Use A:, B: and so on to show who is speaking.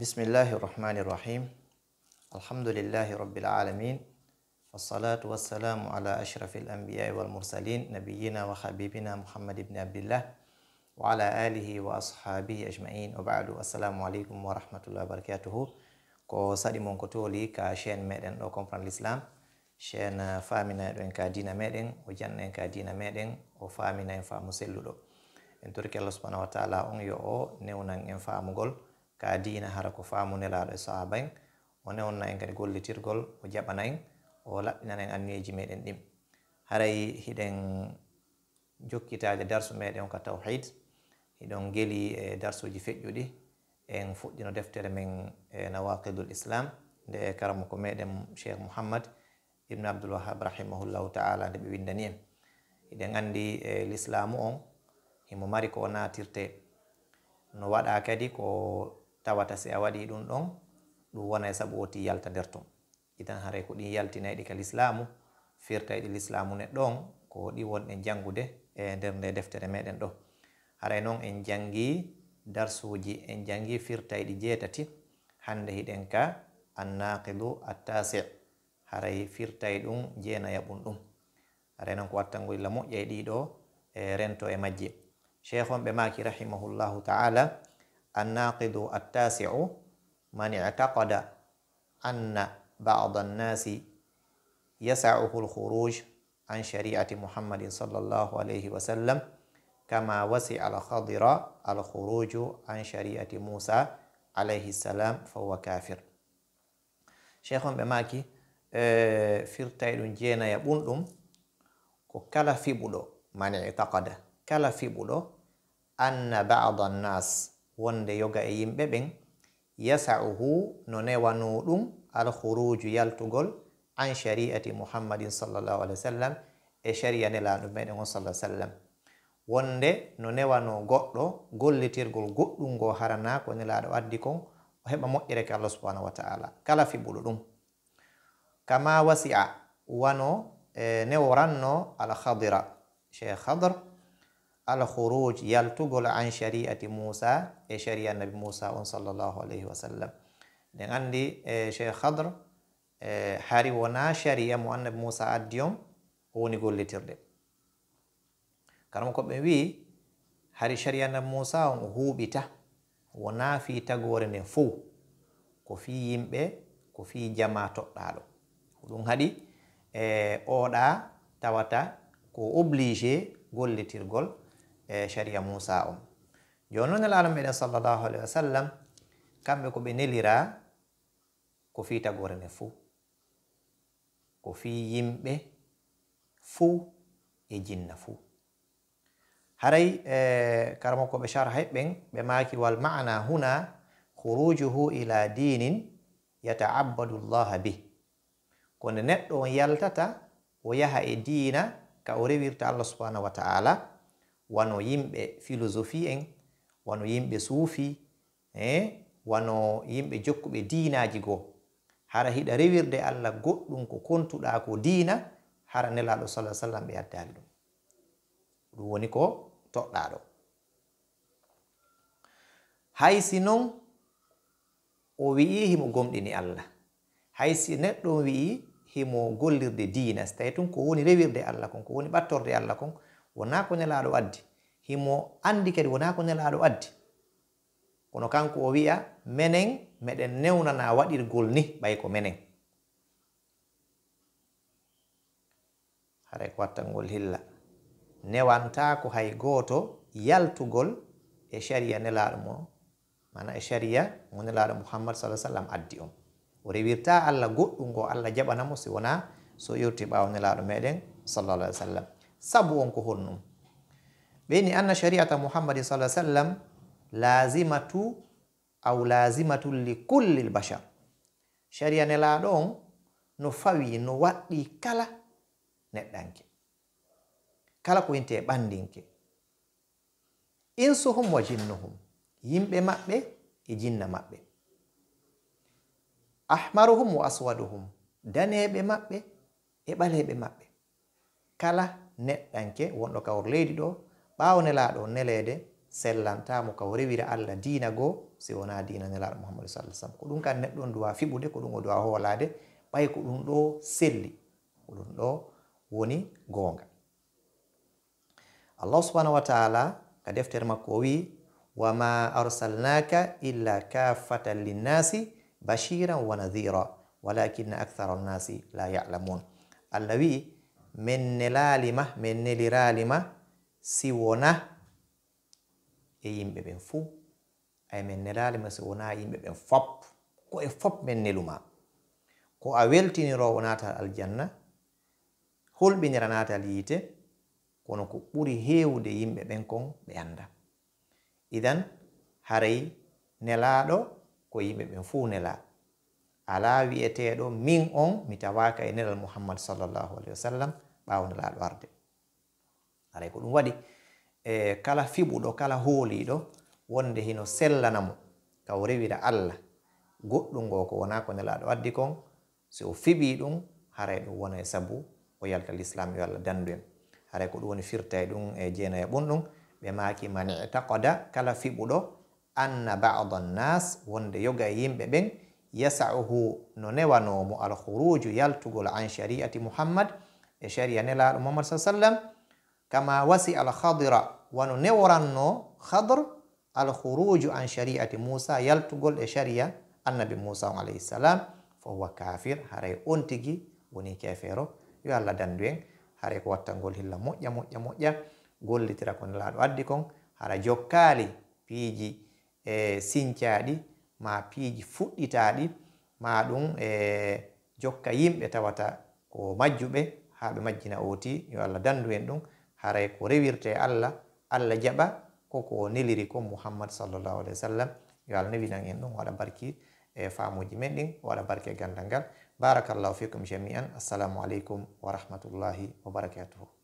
A: بسم الله الرحمن الرحيم الحمد لله رب العالمين والصلاة والسلام على أشرف الأنبياء والمرسلين نبينا وحبيبنا محمد بن عبد الله وعلى آله وأصحابه أجمعين وبعد السلام عليكم ورحمة الله وبركاته كو سادي مون كتولي كشين ميدن لو كومبران الإسلام شين فامينا دوين كدين ميدن وجنة كدين ميدن وفامينا إن فامو سلولو إن تركي الله سبحانه وتعالى أون يو أو نيونان إن فامو ka diina hara ko faamu nelaaɗo e sahaba en o newnna en kadi gollitirgol o jaɓana en o laɓɓinana en anniyeji meɗen ɗin haray hiɗen jokkitaade darsu meɗen ka tawhid hiɗon geli e darsuji feƴƴuɗi en fuɗɗino deftere men e nawaqidul islam nde e karamo ko meɗen cheikh mouhammad ibnu abdulwahab rahimahullahu taala nde ɓe windani en hiɗen anndi e l'islamu on himo mari ko o natirte no waɗa kadi ko tawata se awadi dun ɗum ɗon ɗum wonay sabu woti yalta nder ton ita haray ko yalti yaltinayi ɗi kal islamu firta di ɗi l'islamu ne ɗon ko ɗi wonɗen jangude e nder nde deftere meden ɗo hare noon en jangi darsuji en jangi firta di ɗi hande hiɗen ka annaqidu attasi haray firtay ɗum jeenayaɓum ɗum haray noon ko wattangoyla moƴƴa e do e rento e majje cheikh on maki rahimahullahu taala الناقد التاسع من اعتقد أن بعض الناس يسعه الخروج عن شريعة محمد صلى الله عليه وسلم كما وسع الخضر الخروج عن شريعة موسى عليه السلام فهو كافر شيخ بماكي firtayɗum jeenaya كلا في بلو من اعتقد كلا في بلو أن بعض الناس wonde yoga e yimɓe ɓen yasauhu no newano ɗum alhuruju yaltugol an shariati muhammadin sallllahu alih wa sallam e sharia nelanɗum meɗen on sallah sallam wonde no newano goɗɗo gollitirgol goɗɗum ngo harana ko nelaɗo addi kon o heɓa moƴƴere ke allah subahanahu wa taala kala fiɓuɗo ɗum kama wasi a wano e neworanno al hadira cheikh hadre alhuruj yaltugol an shariati mussa e sharia nabi mussa on sallllahu alayhi wa sallam nden andi e cheikh hadr e hari wona sharia mo annabi mussa addi on owoni gollitirde karama koɓe wi hari sharia nabi mussa on o huuɓita wona fi tagore nden fow ko fi yimɓe ko fi jama toɗɗaɗo ɗum haɗi e oɗa tawata ko obligé gollitirgol sharia musa on joni noon nelaɗo meɗen sallllahu alahi wa sallam kamɓe ko ɓe nelira ko fi tagore nde fuu ko fi yimɓe fuu e jinna fuu haray karamo koɓe sharhay ɓen ɓe maki wal mana huna hurujuhu ila dinin yata'abbadu llaha bih ko nde neɗɗo on yaltata o yaha e diina ka o rewirta allah subhanahu wa ta'ala wano yimɓe philosophie en wano yimɓe suufi e wano yimɓe jokkuɓe diinaji goo hara hiɗa rewirde allah goɗɗum ko kontuɗa ko diina hara nelaɗo salah sallam ɓe yaddali ɗum ɗum woni ko toɗɗaɗo hay si noon o wi'i himo gomɗini allah hay si neɗɗo wi'i himo gollirde diina so tawi tun ko woni rewirde allah kon ko woni ɓattorde allah kon wonaa ko nelaaɗo addi himo anndi kadi wonaa ko nelaaɗo addi kono kanko o wi'a menen meɗen newnanaa waɗirgol ni ɓay ko menen haray ko wattangol hilla newantaako hay gooto yaltugol e caria nelaaɗo mo mana e caria mo nelaaɗo muhammad sa sallam addi on o rewirtaa allah goɗɗu ngo allah jaɓanamo si wonaa so irti ɓaawo nelaaɗo meɗen sallallah alih w sallam sabu on ko honnum ɓeyni anna shariata muhammadin sa sallam lazimatu aw lazimatu li kulli lbashar sharia nelaɗo on no fawi no waɗɗi kala neɗɗanke kala ko winte ɓandinke insuhum wa jinnuhum yimɓe maɓɓe e jinna maɓɓe ahmaruhum wa aswaduhum daneɓe maɓɓe e ɓaleɓe maɓɓe kala neɗɗanke wonɗo kawor leydi ɗo ɓawo nelaɗo nelede sellantamo kawo rewira allah dina goo si wona dina nelaɗo mouhammadou sah sallm ko ɗum kan neɗɗo on duwa fiɓude ko ɗum o duwa hoolade ɓay ko ɗum ɗo selli ko ɗum ɗo woni goonga allah subhanahu wa taala ka deftere makko o wi wama arsalnaka illa kaffatan linnasi bashiran wa nadira walakinna aktara nnasi la yalamun allah wii min nelalima min neliralima si wona e yimɓe ɓen fuu ay min nelalima si wona e yimɓe ɓen fop ko e fop min neluma ko a weltinirowo natal aljanna holɓinira natal yiite kono ko ɓuri heewde yimɓe ɓen kon ɓe anda idan haray nelaɗo ko yimɓe ɓen fuu nelaɗo ala wiyeteɗo min on mi tawaka e nelal muhammadu sallllahu alahi wa sallam ɓawnelaɗo arde alay ko ɗum waɗi e kala fiɓuɗo kala hooliɗo wonde hino sellanamo ka o rewira allah goɗɗum ngo ko wona ko nelaɗo addi kon so o fiɓi ɗum haray ɗum wona e sabu o yaltal l'islam yo allah dandu en haray ko ɗum woni firta e ɗum e jeenaye ɓunɗum ɓe maki man itaqada kala fiɓuɗo anna bado annas wonde yoga e yimɓe ɓen يسعه نونيوا نومو الخروج يلتقل عن شريعة محمد إيه شريعة نلا محمد صلى الله عليه وسلم كما وسع الخضر ونونيوا رنو خضر الخروج عن شريعة موسى يلتقل إيه شريعة النبي موسى عليه السلام فهو كافر هاري أنتجي وني كافرو يوالا دندوين هاري كواتن قول هلا مؤيا مؤيا مؤيا قول لتراكون لها الواديكم هارا جوكالي بيجي إيه سينتيا دي ma piiji fuɗɗitaaɗi ma ɗum e jokka yimɓe tawata ko majjuɓe haa ɓe majjina ooti yo allah danndu en ɗum haray ko rewirte allah allah jaɓa koko neliri ko muhammad sallallahu alahi wa sallam yo allah newinan en ɗum waɗa barki e faamuji men ɗin waɗa barki e ganndal ngal barakallahu fikum jamian assalamu aleykum wa rahmatullahi wa barakatuhu